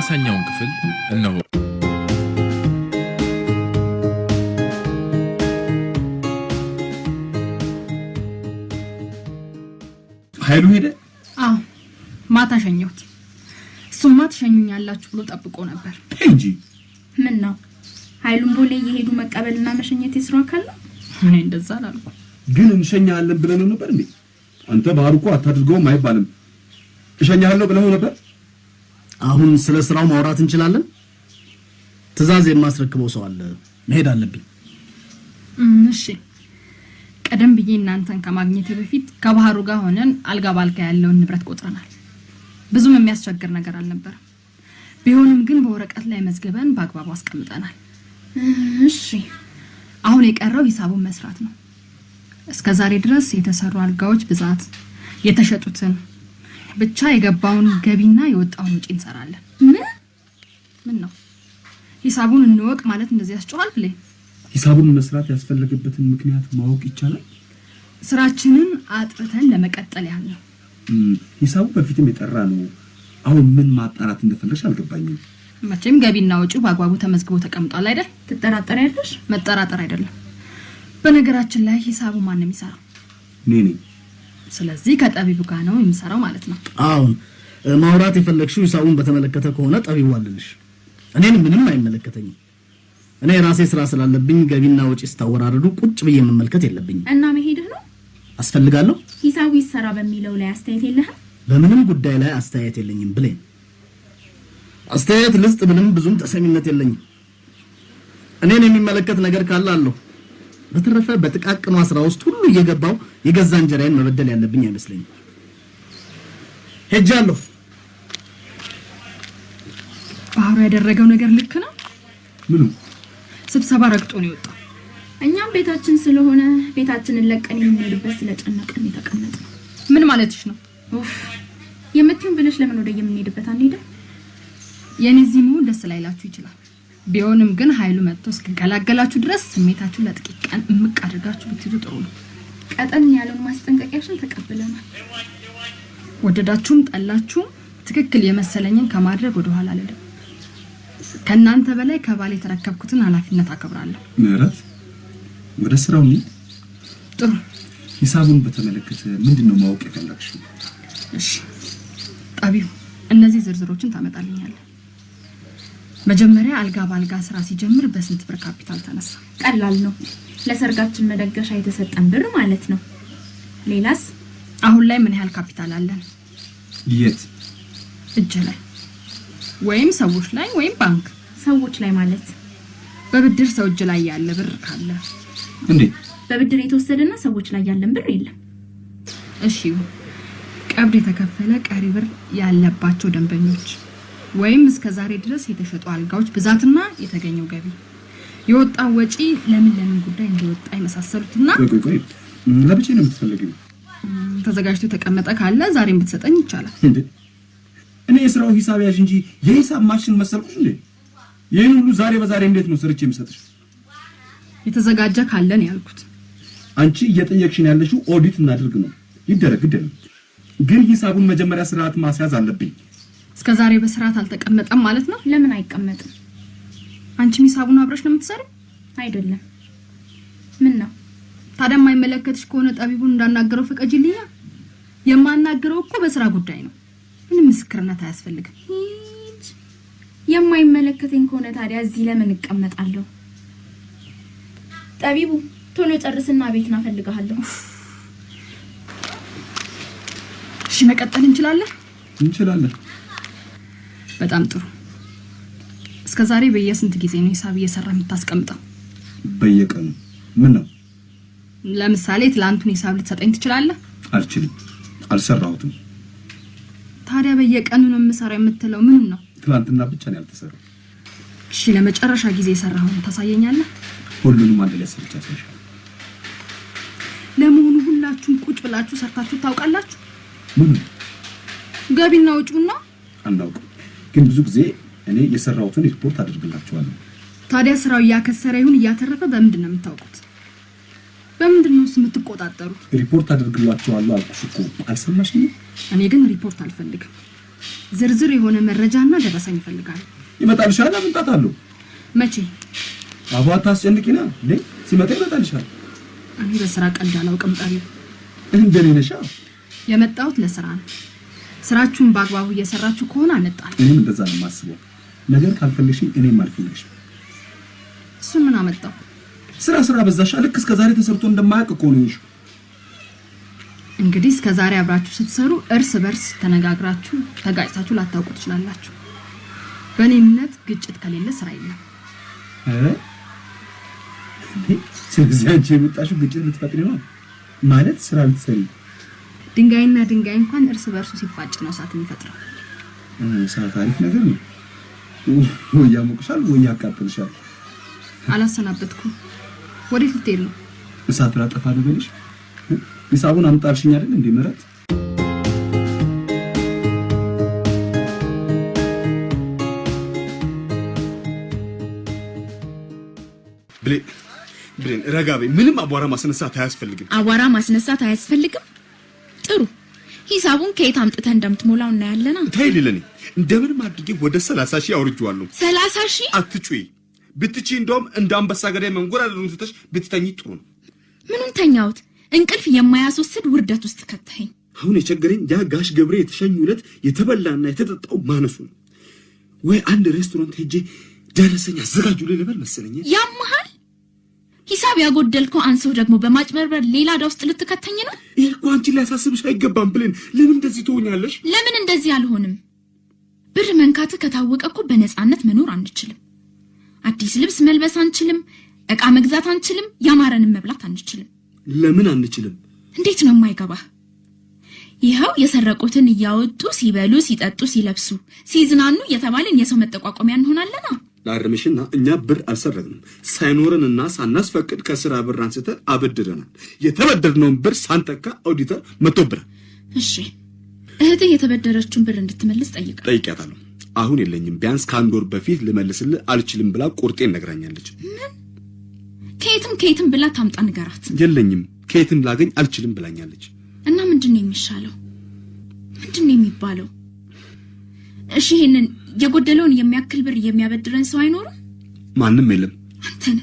ማሳኛውን ክፍል እነሆ። ኃይሉ ሄደ? አዎ ማታ ሸኘሁት። እሱማ ትሸኙኛላችሁ ብሎ ጠብቆ ነበር እንጂ። ምን ነው ኃይሉን ቦሌ እየሄዱ መቀበልና መሸኘት የስሩ አካል ነው። እኔ እንደዛ አላልኩ። ግን እንሸኛለን ብለን ነበር እንዴ? አንተ ባህሩ እኮ አታድርገውም አይባልም። እሸኛለሁ ብለው ነበር አሁን ስለ ስራው ማውራት እንችላለን። ትዕዛዝ የማስረክበው ሰው አለ፣ መሄድ አለብኝ። እሺ፣ ቀደም ብዬ እናንተን ከማግኘት በፊት ከባህሩ ጋር ሆነን አልጋ ባልጋ ያለውን ንብረት ቆጥረናል። ብዙም የሚያስቸግር ነገር አልነበረም። ቢሆንም ግን በወረቀት ላይ መዝግበን በአግባቡ አስቀምጠናል። እሺ፣ አሁን የቀረው ሂሳቡን መስራት ነው። እስከ ዛሬ ድረስ የተሰሩ አልጋዎች ብዛት፣ የተሸጡትን ብቻ የገባውን ገቢና የወጣውን ውጪ እንሰራለን። ምን ምን ነው ሂሳቡን እንወቅ ማለት እንደዚህ ያስጨዋል ብለኝ። ሂሳቡን መስራት ያስፈለገበትን ምክንያት ማወቅ ይቻላል። ስራችንን አጥርተን ለመቀጠል ያህል ነው። ሂሳቡ በፊትም የጠራ ነው። አሁን ምን ማጣራት እንደፈለግሽ አልገባኝም። መቼም ገቢና ወጪው በአግባቡ ተመዝግቦ ተቀምጧል አይደል? ትጠራጠር ያለሽ መጠራጠር አይደለም። በነገራችን ላይ ሂሳቡ ማንም ይሰራው እኔ ነኝ። ስለዚህ ከጠቢቡ ጋር ነው የምሰራው ማለት ነው። አሁን ማውራት የፈለግሽው ሂሳቡን በተመለከተ ከሆነ ጠቢቡ አለልሽ። እኔን ምንም አይመለከተኝም። እኔ ራሴ ስራ ስላለብኝ ገቢና ወጪ ስታወራረዱ ቁጭ ብዬ መመልከት የለብኝም። እና መሄድህ ነው አስፈልጋለሁ። ሂሳቡ ይሰራ በሚለው ላይ አስተያየት የለህም? በምንም ጉዳይ ላይ አስተያየት የለኝም። ብሌን፣ አስተያየት ልስጥ ብልም ብዙም ተሰሚነት የለኝም። እኔን የሚመለከት ነገር ካለ አለሁ በተረፈ በጥቃቅኗ ስራ ውስጥ ሁሉ እየገባው የገዛ እንጀራዬን መበደል ያለብኝ አይመስለኝም። ሄጃለሁ። ባህሩ ያደረገው ነገር ልክ ነው። ምኑ? ስብሰባ ረግጦ ነው የወጣው። እኛም ቤታችን ስለሆነ ቤታችንን ለቀን የምንሄድበት ስለጨነቀን የተቀመጠ ምን ማለትሽ ነው? ኡፍ የምትይውን ብለሽ ለምን ወደ የምንሄድበት አንሄድም? የኔ እዚህ መሆን ደስ ላይላችሁ ይችላል ቢሆንም ግን ኃይሉ መጥቶ እስከገላገላችሁ ድረስ ስሜታችሁን ለጥቂት ቀን እምቅ አድርጋችሁ ብትይዙ ጥሩ ነው። ቀጠን ያለውን ማስጠንቀቂያችን ተቀብለናል። ወደዳችሁም ጠላችሁም ትክክል የመሰለኝን ከማድረግ ወደኋላ አልልም። ከእናንተ በላይ ከባል የተረከብኩትን ኃላፊነት አከብራለሁ። ምህረት፣ ወደ ስራው እንሂድ። ጥሩ። ሂሳቡን በተመለከተ ምንድን ነው ማወቅ የፈለግሽ? እሺ፣ ጠቢው እነዚህ ዝርዝሮችን ታመጣልኛለን መጀመሪያ አልጋ በአልጋ ስራ ሲጀምር በስንት ብር ካፒታል ተነሳ? ቀላል ነው። ለሰርጋችን መደገሻ የተሰጠን ብር ማለት ነው። ሌላስ? አሁን ላይ ምን ያህል ካፒታል አለን? የት? እጅ ላይ ወይም ሰዎች ላይ ወይም ባንክ። ሰዎች ላይ ማለት በብድር ሰው እጅ ላይ ያለ ብር ካለ እንዴ? በብድር የተወሰደና ሰዎች ላይ ያለን ብር የለም። እሺ፣ ቀብድ የተከፈለ ቀሪ ብር ያለባቸው ደንበኞች ወይም እስከ ዛሬ ድረስ የተሸጡ አልጋዎች ብዛትና የተገኘው ገቢ፣ የወጣው ወጪ፣ ለምን ለምን ጉዳይ እንደወጣ የመሳሰሉትና ለብቻ ነው የምትፈልገው? ተዘጋጅቶ የተቀመጠ ካለ ዛሬም ብትሰጠኝ ይቻላል። እኔ የስራው ሂሳብ ያዥ እንጂ የሂሳብ ማሽን መሰልኩሽ እንዴ? ይህን ሁሉ ዛሬ በዛሬ እንዴት ነው ስርች የምሰጥሽ? የተዘጋጀ ካለ ነው ያልኩት። አንቺ እየጠየቅሽን ያለሽው ኦዲት እናድርግ ነው። ይደረግ፣ ግን ሂሳቡን መጀመሪያ ስርዓት ማስያዝ አለብኝ። እስከ ዛሬ በስርዓት አልተቀመጠም ማለት ነው። ለምን አይቀመጥም? አንቺ ሂሳቡን አብረሽ ነው የምትሰሪው አይደለም? ምን ነው ታዲያ የማይመለከትሽ ከሆነ ጠቢቡን እንዳናገረው ፍቀጅልኛ። የማናገረው እኮ በስራ ጉዳይ ነው። ምንም ምስክርነት አያስፈልግም። የማይመለከተኝ ከሆነ ታዲያ እዚህ ለምን እቀመጣለሁ? ጠቢቡ ቶሎ ጨርስና ቤት እናፈልግሃለሁ። እሺ፣ መቀጠል እንችላለን እንችላለን። በጣም ጥሩ። እስከ ዛሬ በየስንት ጊዜ ነው ሂሳብ እየሰራ የምታስቀምጠው? በየቀኑ። ምን ነው? ለምሳሌ ትላንቱን ሂሳብ ልትሰጠኝ ትችላለህ? አልችልም፣ አልሰራሁትም። ታዲያ በየቀኑ ነው የምሰራው የምትለው ምን ነው? ትላንትና ብቻ ነው ያልተሰራ። እሺ፣ ለመጨረሻ ጊዜ የሰራሁን ታሳየኛለህ? ሁሉንም አንድ ላይ ሰርቻ ሳይሻል። ለመሆኑ ሁላችሁም ቁጭ ብላችሁ ሰርታችሁ ታውቃላችሁ? ምን ገቢና ውጭ ነው አናውቅም። ግን ብዙ ጊዜ እኔ የሰራሁትን ሪፖርት አድርግላችኋለሁ። ታዲያ ስራው እያከሰረ ይሁን እያተረፈ በምንድን ነው የምታውቁት? በምንድን ነው የምትቆጣጠሩት? ሪፖርት አድርግላችኋለሁ አልኩሽ እኮ አልሰማሽም? እኔ ግን ሪፖርት አልፈልግም። ዝርዝር የሆነ መረጃና ደረሰኝ ይፈልጋል። ይመጣልሻል። አምጣታለሁ። መቼ? አባት አስጨንቂና እንዴ ሲመጣ ይመጣልሻል። እኔ በስራ ቀልድ አላውቅም። ጣሪ እንደኔ ነሻ። የመጣሁት ለስራ ነው። ስራችሁን በአግባቡ እየሰራችሁ ከሆነ አንጣል። እኔም እንደዛ ነው የማስበው። ነገር ካልፈልግሽኝ እኔም አልፈልግሽም። እሱ ምን አመጣው? ስራ ስራ በዛሻ። ልክ እስከ ዛሬ ተሰርቶ እንደማያውቅ እኮ ነው። እንግዲህ እስከ ዛሬ አብራችሁ ስትሰሩ እርስ በርስ ተነጋግራችሁ ተጋጭታችሁ ላታውቁ ትችላላችሁ። በእኔ እምነት ግጭት ከሌለ ስራ የለም። ስለዚህ አንቺ የመጣሽው ግጭት ልትፈጥሪ ነው ማለት ስራ ልትሰሪ ድንጋይና ድንጋይ እንኳን እርስ በእርሱ ሲፋጭ ነው እሳት የሚፈጥረው። እሳት አሪፍ ነገር ነው። ወይ ያሞቅሻል፣ ወይ ያቃጥልሻል። አላሰናበትኩ። ወዴት ልትሄድ ነው? እሳት ላጠፋ ልበልሽ? ሂሳቡን አምጣልሽኝ አይደል እንዴ? ምረት ብሌን፣ ብሌን ረጋቤ ምንም አቧራ ማስነሳት አያስፈልግም። አቧራ ማስነሳት አያስፈልግም። ሂሳቡን ከየት አምጥተህ እንደምትሞላው እናያለና። ተይ ሊለኔ እንደምንም አድርጌ ወደ ሰላሳ ሺህ አውርጄዋለሁ። ሰላሳ ሺህ አትጩይ። ብትቺ እንደውም እንደ አንበሳ ገዳይ መንጎር አለሉን ብትተኝ ጥሩ ነው። ምኑን ተኛሁት? እንቅልፍ የማያስወስድ ውርደት ውስጥ ከተኸኝ። አሁን የቸገረኝ ያ ጋሽ ገብሬ የተሸኙ ዕለት የተበላና የተጠጣው ማነሱ ነው። ወይ አንድ ሬስቶራንት ሄጄ ደረሰኝ አዘጋጁ ልበል መሰለኝ። ያማ ሂሳብ ያጎደልከው አንሰው ደግሞ በማጭበርበር ሌላ ዕዳ ውስጥ ልትከተኝ ነው። ይህ እኮ አንቺን ሊያሳስብሽ አይገባም። ብሌን፣ ለምን እንደዚህ ትሆኛለሽ? ለምን እንደዚህ አልሆንም? ብር መንካት ከታወቀ እኮ በነፃነት መኖር አንችልም። አዲስ ልብስ መልበስ አንችልም። እቃ መግዛት አንችልም። ያማረንም መብላት አንችልም። ለምን አንችልም? እንዴት ነው የማይገባ? ይኸው የሰረቁትን እያወጡ ሲበሉ፣ ሲጠጡ፣ ሲለብሱ፣ ሲዝናኑ እየተባልን የሰው መጠቋቋሚያ እንሆናለና ላርምሽና እኛ ብር አልሰረቅንም። ሳይኖረንና ሳናስፈቅድ ከስራ ብር አንስተን አበድረናል። የተበደርነውን ብር ሳንጠካ ኦዲተር መቶብናል። እሺ እህት የተበደረችውን ብር እንድትመልስ ጠይቅ። ጠይቂያታለሁ። አሁን የለኝም፣ ቢያንስ ከአንድ ወር በፊት ልመልስልህ አልችልም ብላ ቁርጤን ነግራኛለች። ምን? ከየትም ከየትም ብላ ታምጣ ንገራት። የለኝም፣ ከየትም ላገኝ አልችልም ብላኛለች። እና ምንድን ነው የሚሻለው? ምንድን ነው የሚባለው? እሺ ይህንን የጎደለውን የሚያክል ብር የሚያበድረን ሰው አይኖርም። ማንም የለም። አንተነ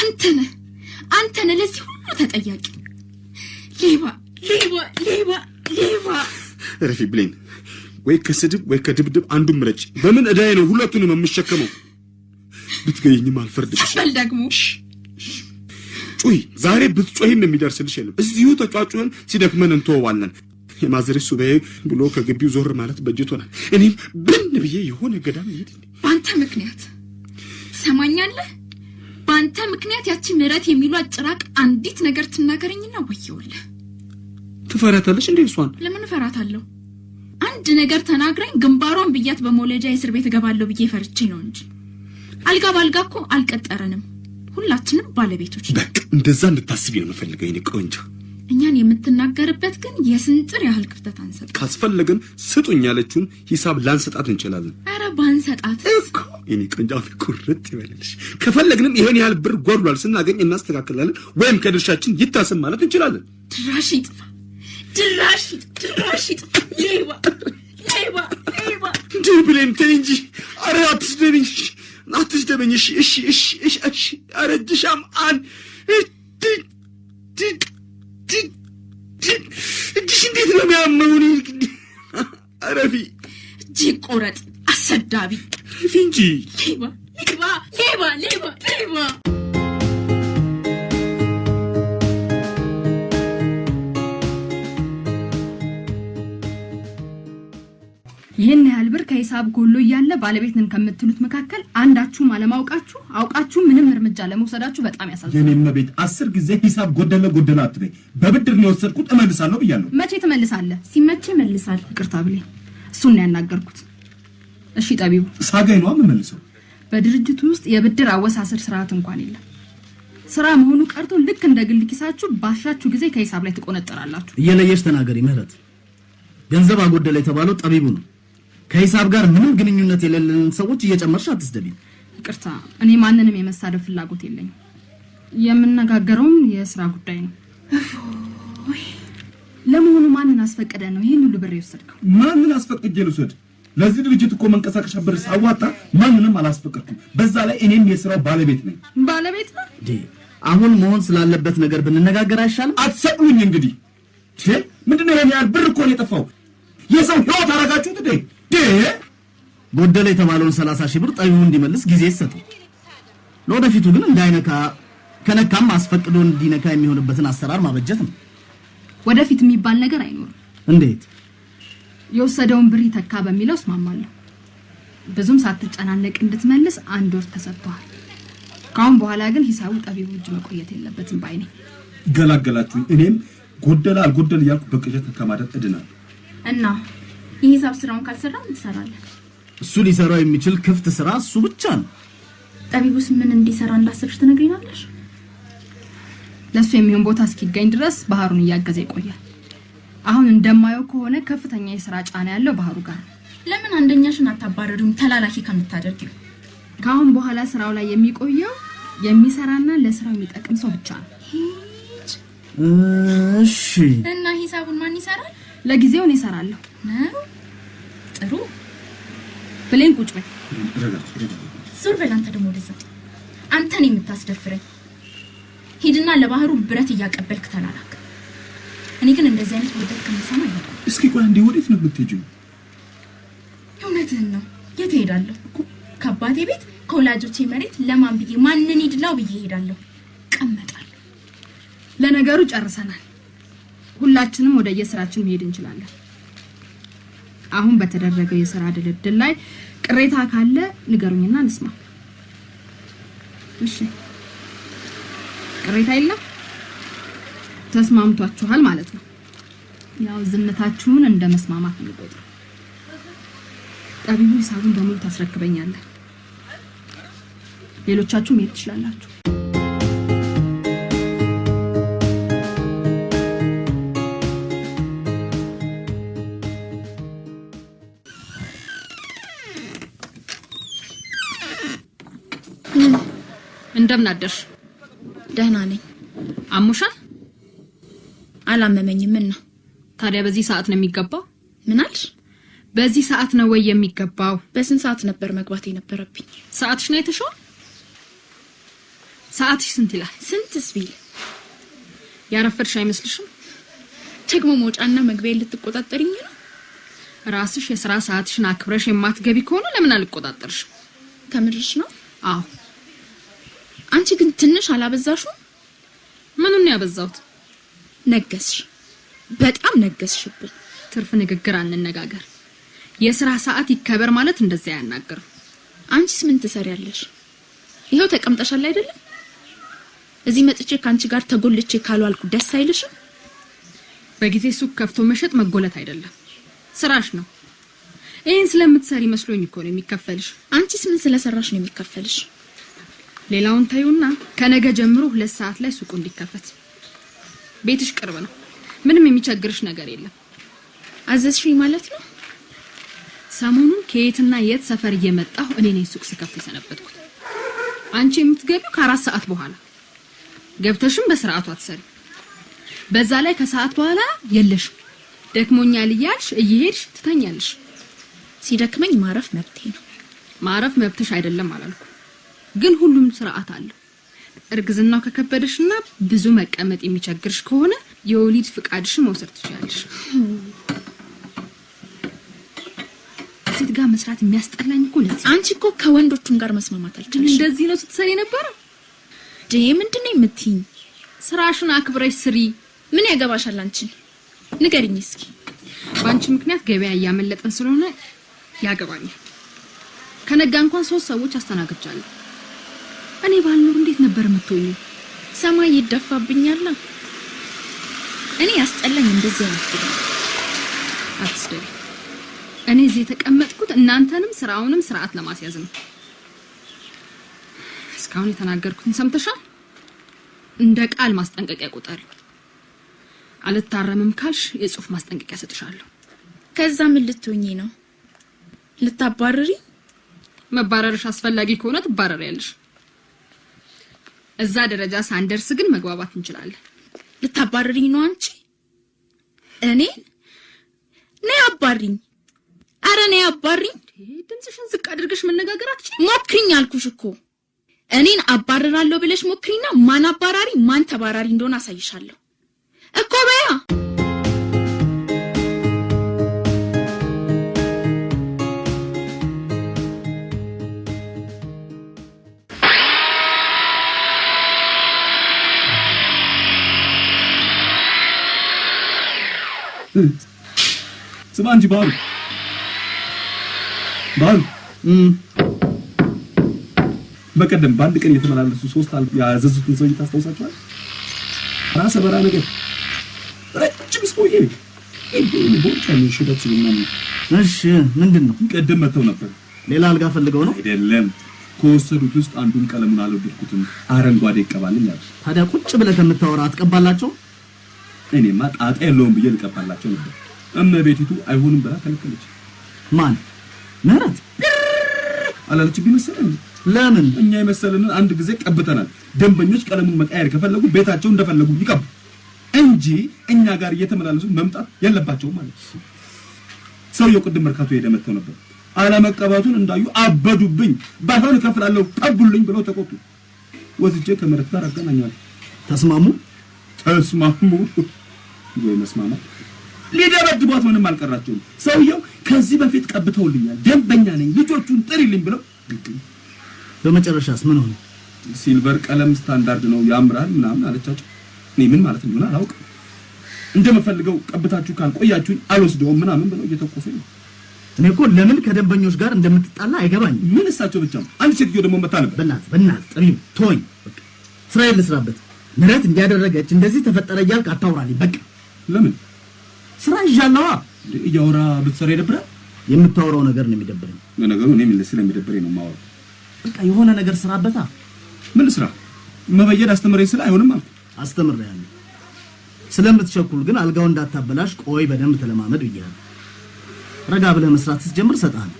አንተነ አንተነ ለዚህ ሁሉ ተጠያቂ ሌባ ሌባ ሌባ ሌባ። ረፊ ብሌን፣ ወይ ከስድብ ወይ ከድብድብ አንዱ ምረጭ። በምን እዳዬ ነው ሁለቱንም የምሸከመው? ብትገኝም አልፈርድብሽ። በል ደግሞ ጩይ። ዛሬ ብትጮይም የሚደርስልሽ የለም። እዚሁ ተጫጩን፣ ሲደክመን እንተወዋለን። የማዘሬ ሱባኤ ብሎ ከግቢው ዞር ማለት በጅቶናል። እኔም ብን ብዬ የሆነ ገዳም ይሄድ በአንተ ምክንያት ሰማኛለህ። በአንተ ምክንያት ያቺ ምህረት የሚሏት ጭራቅ አንዲት ነገር ትናገረኝና ወየውልህ። ትፈራታለች እንዴ? እሷን ለምን እፈራታለሁ? አንድ ነገር ተናግረኝ ግንባሯን ብያት በመውለጃ የእስር ቤት እገባለሁ ብዬ ፈርቼ ነው እንጂ አልጋ ባልጋ እኮ አልቀጠረንም። ሁላችንም ባለቤቶች። በቃ እንደዛ እንድታስቢ ነው የምፈልገው የእኔ ቆንጆ። እኛን የምትናገርበት ግን የስንጥር ያህል ክፍተት አንሰጥ። ካስፈለገን ስጡኝ ያለችውን ሂሳብ ላንሰጣት እንችላለን። አረ ባንሰጣት እኮ እኔ ቅርንጫፍ ቁርጥ ይበልልሽ። ከፈለግንም ይሄን ያህል ብር ጎድሏል ስናገኝ እናስተካክላለን፣ ወይም ከድርሻችን ይታሰብ ማለት እንችላለን። ድራሽ ይጥፋ፣ ድራሽ ድራሽ ይጥፋ። ይባ ይባ ይባ እንዴ ብለን ተይ እንጂ። አረ አትስደብኝ፣ አትስደብኝ። እሺ እሺ እሺ እሺ። አረ ድሻም አን ድ እጅሽ እንዴት ነው የሚያመውን? አረፊ እጅ ቆረጥ፣ አሰዳቢ ፊንጂ ሌባ፣ ሌባ ሌባ ሌባ ሌባ ይህን ያህል ብር ከሂሳብ ጎሎ እያለ ባለቤት ነን ከምትሉት መካከል አንዳችሁም አለማውቃችሁ አውቃችሁ ምንም እርምጃ ለመውሰዳችሁ በጣም ያሳዝናል። የኔ ቤት አስር ጊዜ ሂሳብ ጎደለ ጎደለ አትበይ። በብድር ነው የወሰድኩት እመልሳለሁ ብያለሁ። መቼ ትመልሳለህ? ሲመቼ እመልሳለሁ። ይቅርታ ብሌ፣ እሱን ያናገርኩት። እሺ ጠቢቡ ሳጋይ ነው የምመልሰው። በድርጅቱ ውስጥ የብድር አወሳሰድ ስርዓት እንኳን የለም። ስራ መሆኑ ቀርቶ ልክ እንደ ግል ኪሳችሁ ባሻችሁ ጊዜ ከሂሳብ ላይ ትቆነጠራላችሁ። እየለየሽ ተናገሪ ምህረት። ገንዘብ አጎደለ የተባለው ጠቢቡ ነው። ከሂሳብ ጋር ምንም ግንኙነት የሌለን ሰዎች እየጨመርሽ አትስደቢ። ይቅርታ፣ እኔ ማንንም የመሳደብ ፍላጎት የለኝ የምነጋገረውም የስራ ጉዳይ ነው። ለመሆኑ ማንን አስፈቀደ ነው ይህን ሁሉ ብር የወሰድከው? ማንን አስፈቅጄ ልውሰድ? ለዚህ ድርጅት እኮ መንቀሳቀሻ ብር ሳዋጣ ማንንም አላስፈቀድኩም። በዛ ላይ እኔም የስራው ባለቤት ነኝ። ባለቤት ነው አሁን መሆን ስላለበት ነገር ብንነጋገር አይሻልም? አትሰቅሉኝ እንግዲህ። ምንድነው ይሄን ያህል ብር እኮ ነው የጠፋው። የሰው ህይወት አረጋችሁት እንዴ? ግን ጎደለ የተባለውን 30 ሺህ ብር ጠቢቡ እንዲመልስ ጊዜ ይሰጡ። ለወደፊቱ ግን እንዳይነካ ከነካም አስፈቅዶ እንዲነካ የሚሆንበትን አሰራር ማበጀት ነው። ወደፊት የሚባል ነገር አይኖርም። እንዴት? የወሰደውን ብር ይተካ በሚለው እስማማለሁ። ብዙም ሳትጨናነቅ እንድትመልስ አንድ ወር ተሰጥቷል። ካሁን በኋላ ግን ሂሳቡ ጠቢቡ እጅ መቆየት የለበትም ባይ ነኝ። ገላገላችሁኝ። እኔም ጎደለ አልጎደል እያልኩ በቅዠት ከማደር እድናለሁ እና የሂሳብ ስራውን ካልሰራ እንሰራለን። እሱ ሊሰራው የሚችል ክፍት ስራ እሱ ብቻ ነው። ጠቢቡስ ምን እንዲሰራ እንዳሰብሽ ትነግሪናለሽ? ለእሱ የሚሆን ቦታ እስኪገኝ ድረስ ባህሩን እያገዘ ይቆያል። አሁን እንደማየው ከሆነ ከፍተኛ የስራ ጫና ያለው ባህሩ ጋር ነው። ለምን አንደኛሽን አታባረሪም? ተላላኪ ከምታደርጊው ከአሁን በኋላ ስራው ላይ የሚቆየው የሚሰራና ለስራው የሚጠቅም ሰው ብቻ ነው። እሺ። እና ሂሳቡን ማን ይሰራል? ለጊዜውን ይሰራለሁ። ነው ጥሩ ብሌን ቁጭ በል ዙር በል አንተ ደግሞ ወደዛ አንተን የምታስደፍረኝ ሂድና ለባህሩ ብረት እያቀበልክ ተላላክ እኔ ግን እንደዚህ አይነት ውርደት ከምሰማ ይሄዳል እስኪ ቆይ አንዴ ወዴት ነው የምትሄጂው እውነትህን ነው የት እሄዳለሁ ከአባቴ ቤት ከወላጆቼ መሬት ለማን ብዬ ማንን ይድላው ብዬ እሄዳለሁ ቀመጣለሁ ለነገሩ ጨርሰናል ሁላችንም ወደ የስራችን መሄድ እንችላለን አሁን በተደረገው የስራ ድልድል ላይ ቅሬታ ካለ ንገሩኝና እንስማ። እሺ፣ ቅሬታ የለም፣ ተስማምቷችኋል ማለት ነው። ያው ዝምታችሁን እንደ መስማማት እንቆጥር። ጠቢቡ ሂሳቡን በሙሉ ታስረክበኛለህ። ሌሎቻችሁም መሄድ ትችላላችሁ። እንደምን አደርሽ? ደህና ነኝ። አሞሻል? አላመመኝም። ምን ነው ታዲያ? በዚህ ሰዓት ነው የሚገባው? ምን አልሽ? በዚህ ሰዓት ነው ወይ የሚገባው? በስንት ሰዓት ነበር መግባት የነበረብኝ? ሰዓትሽ ነው የተሸው? ሰዓትሽ ስንት ይላል? ስንትስ ቢል ያረፈድሽ አይመስልሽም? ደግሞ መውጫና መግቢያ ልትቆጣጠርኝ ነው? ራስሽ የስራ ሰዓትሽን አክብረሽ የማትገቢ ከሆነ ለምን አልቆጣጠርሽም? ከምድርሽ ነው? አዎ አንቺ ግን ትንሽ አላበዛሹም? ምኑን ነው ያበዛሁት? ነገስሽ፣ በጣም ነገስሽብን። ትርፍ ንግግር አንነጋገር። የስራ ሰዓት ይከበር ማለት እንደዛ ያናገር። አንቺስ ምን ትሰሪያለሽ? ይኸው ተቀምጠሻል አይደለም? እዚህ መጥቼ ከአንቺ ጋር ተጎልቼ ካልዋልኩ ደስ አይልሽም? በጊዜ ሱቅ ከፍቶ መሸጥ መጎለት አይደለም፣ ስራሽ ነው። ይህን ስለምትሰሪ መስሎኝ እኮ ነው የሚከፈልሽ። አንቺስ ምን ስለሰራሽ ነው የሚከፈልሽ? ሌላውን ታዩና ከነገ ጀምሮ ሁለት ሰዓት ላይ ሱቁ እንዲከፈት። ቤትሽ ቅርብ ነው። ምንም የሚቸግርሽ ነገር የለም። አዘዝሽኝ ማለት ነው። ሰሞኑን ከየትና የት ሰፈር እየመጣሁ እኔ ነኝ ሱቅ ስከፍት የሰነበትኩት። አንቺ የምትገቢው ከአራት ሰዓት በኋላ ገብተሽም በስርዓቱ አትሰሪ። በዛ ላይ ከሰዓት በኋላ የለሽም። ደክሞኛል እያልሽ እየሄድሽ ትተኛለሽ። ሲደክመኝ ማረፍ መብቴ ነው። ማረፍ መብትሽ አይደለም አላልኩም። ግን ሁሉም ስርዓት አለው። እርግዝናው ከከበደሽና ብዙ መቀመጥ የሚቸግርሽ ከሆነ የወሊድ ፍቃድሽን መውሰድ ትችላለሽ። ሴት ጋር መስራት የሚያስጠላኝ እኮ ነው። አንቺ እኮ ከወንዶቹም ጋር መስማማት አልቻለሽ። እንደዚህ ነው ስትሰሪ ነበር ዴ ምንድን ነው የምትይኝ? ስራሽን አክብረሽ ስሪ። ምን ያገባሻል? አንቺን ንገሪኝ እስኪ። በአንቺ ምክንያት ገበያ እያመለጠን ስለሆነ ያገባኛል። ከነጋ እንኳን ሶስት ሰዎች አስተናግጃለሁ። እኔ ባልኖር እንዴት ነበር የምትሆኚ? ሰማይ ይደፋብኛል። እኔ ያስጠላኝ እንደዚህ አይነት አትስደል። እኔ እዚህ የተቀመጥኩት እናንተንም ስራውንም ስርዓት ለማስያዝ ነው። እስካሁን የተናገርኩትን ሰምተሻል? እንደ ቃል ማስጠንቀቂያ ቁጠሪ። አልታረምም ካልሽ የጽሁፍ ማስጠንቀቂያ ሰጥሻለሁ። ከዛ ምን ልትሆኚ ነው? ልታባረሪ? መባረርሽ አስፈላጊ ከሆነ ትባረሪያለሽ። እዛ ደረጃ ሳንደርስ ግን መግባባት እንችላለን። ልታባርሪኝ ነው አንቺ? እኔ ነይ አባሪኝ። አረ ነይ አባሪኝ። ድምፅሽን ዝቅ አድርገሽ መነጋገር አትችልም። ሞክሪኝ አልኩሽ እኮ እኔን አባርራለሁ ብለሽ ሞክሪና፣ ማን አባራሪ ማን ተባራሪ እንደሆነ አሳይሻለሁ እኮ በያ ስማ እንጂ ባሉ ባሉ በቀደም በአንድ ቀን የተመላለሱ ሶስት ያዘዙትን ሰውዬ ታስታውሳቸዋል? ራሰ በራ ነገር ረጅም ሰውዬ እሺ፣ ምንድን ነው ቀደም መተው ነበር። ሌላ አልጋ ፈልገው ነው አይደለም። ከወሰዱት ውስጥ አንዱን ቀለሙን አልወደድኩትም፣ አረንጓዴ ይቀባልኝ ያለ። ታዲያ ቁጭ ብለህ ከምታወራ አትቀባላቸው እኔማ ጣጣ የለውም ብዬ ልቀባላቸው ነበር። እመቤቲቱ አይሆንም ብላ ከለከለች። ማን ምህረት አላለች ቢመስለኝ። ለምን እኛ የመሰለንን አንድ ጊዜ ቀብተናል። ደንበኞች ቀለሙን መቀየር ከፈለጉ ቤታቸው እንደፈለጉ ይቀቡ እንጂ እኛ ጋር እየተመላለሱ መምጣት የለባቸውም ማለት ሰውየው ቅድም መርካቶ ሄደ መጥተው ነበር። አለመቀባቱን እንዳዩ አበዱብኝ። ባይሆን እከፍላለሁ ቀቡልኝ ብለው ተቆጡ። ወስጄ ከምህረት ጋር አገናኛለሁ። ተስማሙ። ተስማሙ ወይ መስማማት ሊደበድቧት ምንም አልቀራቸውም። ሰውየው ከዚህ በፊት ቀብተውልኛል፣ ደንበኛ ነኝ፣ ልጆቹን ጥሪልኝ ብለው በመጨረሻስ ምን ሆነ? ሲልቨር ቀለም ስታንዳርድ ነው ያምራል ምናምን አለቻቸው። እኔ ምን ማለት እንደሆነ አላውቅም። እንደምፈልገው ቀብታችሁ ካልቆያችሁኝ አልወስደውም ምናምን ብለው እየተኮሱ ነው። እኔ እኮ ለምን ከደንበኞች ጋር እንደምትጣላ አይገባኝም። ምን እሳቸው ብቻ ነው። አንድ ሴትዮ ደግሞ መታ ነበር። በእናትህ በእናትህ ጠቢብ ተወኝ፣ ስራዬን ልስራበት ምህረት እንዲያደረገች እንደዚህ ተፈጠረ እያልክ አታውራልኝ። በቃ ለምን ስራ ይዣለዋ። እያወራ ብትሰራ ይደብራል። የምታወራው ነገር ነው የሚደብረኝ። ለነገሩ እኔም ስለሚደብረኝ ነው የማወራው። በቃ የሆነ ነገር ስራበታ። ምን ስራ? መበየድ አስተምረኝ ስለ አይሆንም አልኩ። አስተምሬሃለሁ። ስለምትቸኩል ግን አልጋው እንዳታበላሽ፣ ቆይ በደንብ ተለማመድ ብያለሁ። ረጋ ብለህ መስራት ስትጀምር እሰጥሃለሁ።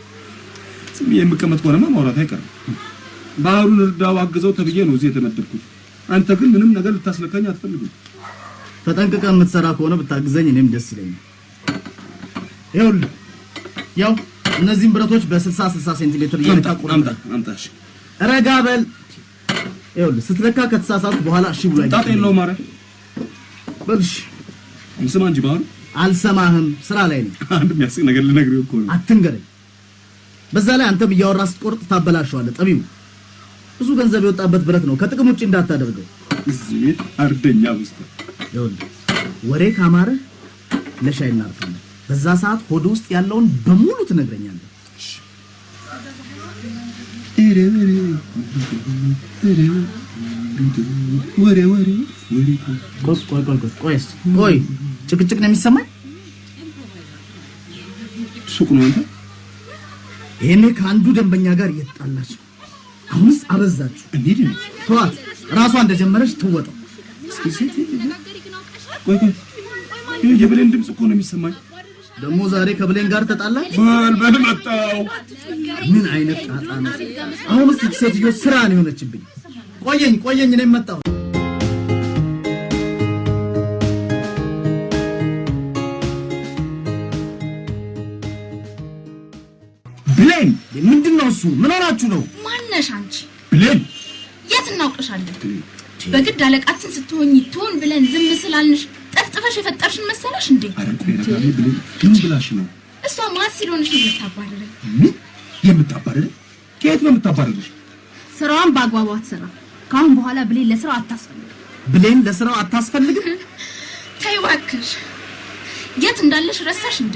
ስም የምቀመጥ ከሆነማ ማውራት አይቀርም። ባህሉን እርዳው፣ አግዘው ተብዬ ነው እዚህ የተመደብኩት። አንተ ግን ምንም ነገር ልታስነካኝ አትፈልግም። ተጠንቅቀ የምትሰራ ከሆነ ብታግዘኝ እኔም ደስ ይለኛል። ይሁን ያው እነዚህም ብረቶች በ60 60 ሴንቲሜትር እየለቀቁ አምጣ አምጣ። እሺ ረጋ በል። ይኸውልህ ስትለካ ከተሳሳትኩ በኋላ እሺ ብሎ አይደለም ነው ማረ በልሽ እንስማ እንጂ ባሁን አልሰማህም። ስራ ላይ ነው። አንድ የሚያስቅ ነገር ልነግርህ እኮ ነው። አትንገረኝ። በዛ ላይ አንተም እያወራ ስትቆርጥ ታበላሸዋለህ ጠቢው ብዙ ገንዘብ የወጣበት ብረት ነው። ከጥቅም ውጭ እንዳታደርገው። እዚህ አርደኛ ውስጥ ወሬ ካማረ ለሻይ እናርፋለን። በዛ ሰዓት ሆድ ውስጥ ያለውን በሙሉ ትነግረኛለህ። ቆይ ጭቅጭቅ ነው የሚሰማኝ። ሱቁ ነው ይሄኔ ከአንዱ ደንበኛ ጋር ነው። አሁንስ አበዛችሁ። እንዴት ነው ተዋት፣ ራሷ እንደጀመረች ትወጣ እስኪ የብሌን ድምፅ እኮ ነው የሚሰማኝ። ደግሞ ዛሬ ከብሌን ጋር ተጣላ። በል በል መጣው። ምን አይነት ጣጣ ነው? አሁንስ ሴትዮ ስራ ነው የሆነችብኝ። ቆየኝ ቆየኝ፣ እኔም መጣሁ። ብሌን ምንድን ነው እሱ? ምን ሆናችሁ ነው? ነሽ አንቺ? ብለን የት እናውቅሻለን? በግድ አለቃችን ስትሆኝ ትሆን ብለን ዝም ስላልንሽ ጠፍጥፈሽ የፈጠርሽን መሰለሽ እንዴ? ምን ብላሽ ነው? እሷ ማት ሲሎንሽ ነው የምታባረረኝ። የምታባረረኝ? ከየት ነው የምታባረረሽ? ስራዋን በአግባቡ አትሰራ። ከአሁን በኋላ ብሌን ለስራው አታስፈልግም። ብሌን ለስራው አታስፈልግም? ተይ እባክሽ የት እንዳለሽ ረሳሽ እንዴ?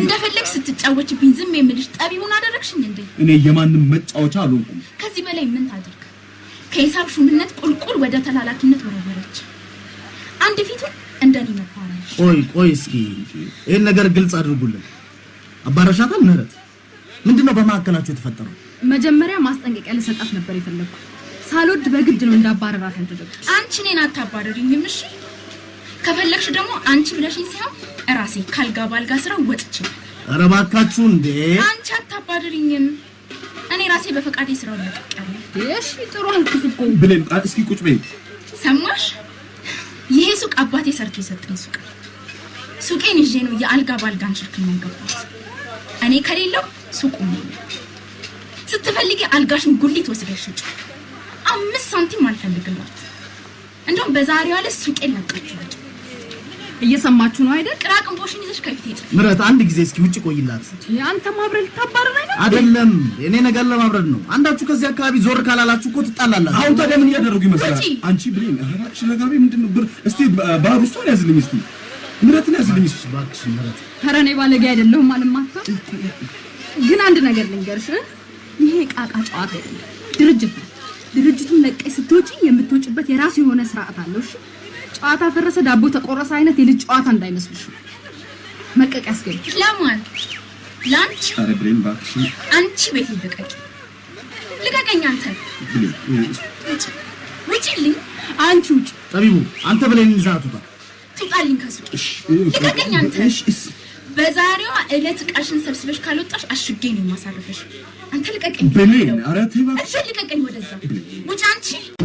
እንደፈለግሽ ስትጫወችብኝ ዝም የምልሽ ጠቢቡን አደረግሽኝ እንዴ? እኔ የማንም መጫወቻ አልሆንኩም። ከዚህ በላይ ምን ታድርግ? ከሂሳብ ሹምነት ቁልቁል ወደ ተላላኪነት ወረወረች። አንድ ፊቱን እንደኔ መባረር። ቆይ ቆይ፣ እስኪ ይህን ነገር ግልጽ አድርጉልን። አባረሻታል? ምህረት፣ ምንድነው ነው የተፈጠረው? መጀመሪያ ማስጠንቀቂያ ልሰጣት ነበር የፈለግኩት። ሳልወድ በግድ ነው እንዳባረራት ያደረግኩት። አንቺ እኔን አታባረሪኝም እሺ? ከፈለግሽ ደግሞ አንቺ ብለሽኝ ሳይሆን እራሴ ካልጋ ባልጋ ስራ ወጥቼ። ኧረ እባካችሁ እንዴ! አንቺ አታባድሪኝም። እኔ ራሴ በፈቃዴ ስራው ለቀቀኝ። እሺ ጥሩ አልኩሽ እኮ ብለን እስኪ ቁጭ በይ። ሰማሽ? ይሄ ሱቅ አባቴ ሰርቶ የሰጠኝ ሱቅ ሱቄን ይዤ ነው የአልጋ ባልጋን ሽርክና የገባሁት። እኔ ከሌለው ሱቁ ስትፈልጊ አልጋሽን ጉሊት ወስደሽ ሽጪ። አምስት ሳንቲም አልፈልግላችሁ። እንደውም በዛሬዋ ዕለት ሱቄን ለቃችሁ እየሰማችሁ ነው አይደል? ቅራቅም ቅራቅንቦሽን ይዘሽ ከፊት ምረት፣ አንድ ጊዜ እስኪ ውጭ ቆይላት። አንተ ማብረድ ታባረን አይደል? አይደለም፣ እኔ ነገር ለማብረል ነው። አንዳችሁ ከዚህ አካባቢ ዞር ካላላችሁ እኮ ትጣላላችሁ። አሁን ታዲያ ምን እያደረጉ ይመስላል? አንቺ ብሌን፣ አራሽ ለጋቢ ምንድን ነው? ብር እስቲ ባህር ውስጥ ያዝልኝ። እስቲ ምረትን ያዝልኝ እስቲ ባክሽ። ምረት፣ ኧረ እኔ ባለጌ አይደለሁም። አልማታ ግን አንድ ነገር ልንገርሽ፣ ይሄ ቃቃ ጨዋታ ድርጅት ነው። ድርጅቱን ለቀሽ ስትወጪ የምትወጪበት የራሱ የሆነ ስርዓት አለው። እሺ ጨዋታ ፈረሰ ዳቦ ተቆረሰ አይነት የልጅ ጨዋታ እንዳይመስልሽ። መቀቅ ያስገኝ። ለማን? ለአንቺ። አረ ብሬን ባክሽ፣ አንቺ ቤት ይደቀቂ፣ ልቀቀኝ። አንተ ውጪልኝ። አንቺ ውጪ። ጠቢቡ አንተ ብሌን ይዛቱ ባ ትውጣልኝ ከሱቅ። ልቀቀኝ አንተ። በዛሬዋ እለት ዕቃሽን ሰብስበሽ ካልወጣሽ አሽጌ ነው የማሳርፈሽ። አንተ ልቀቀኝ ብሌን። አረ ተይ እባክሽ፣ ልቀቀኝ። ወደዛ ውጪ አንቺ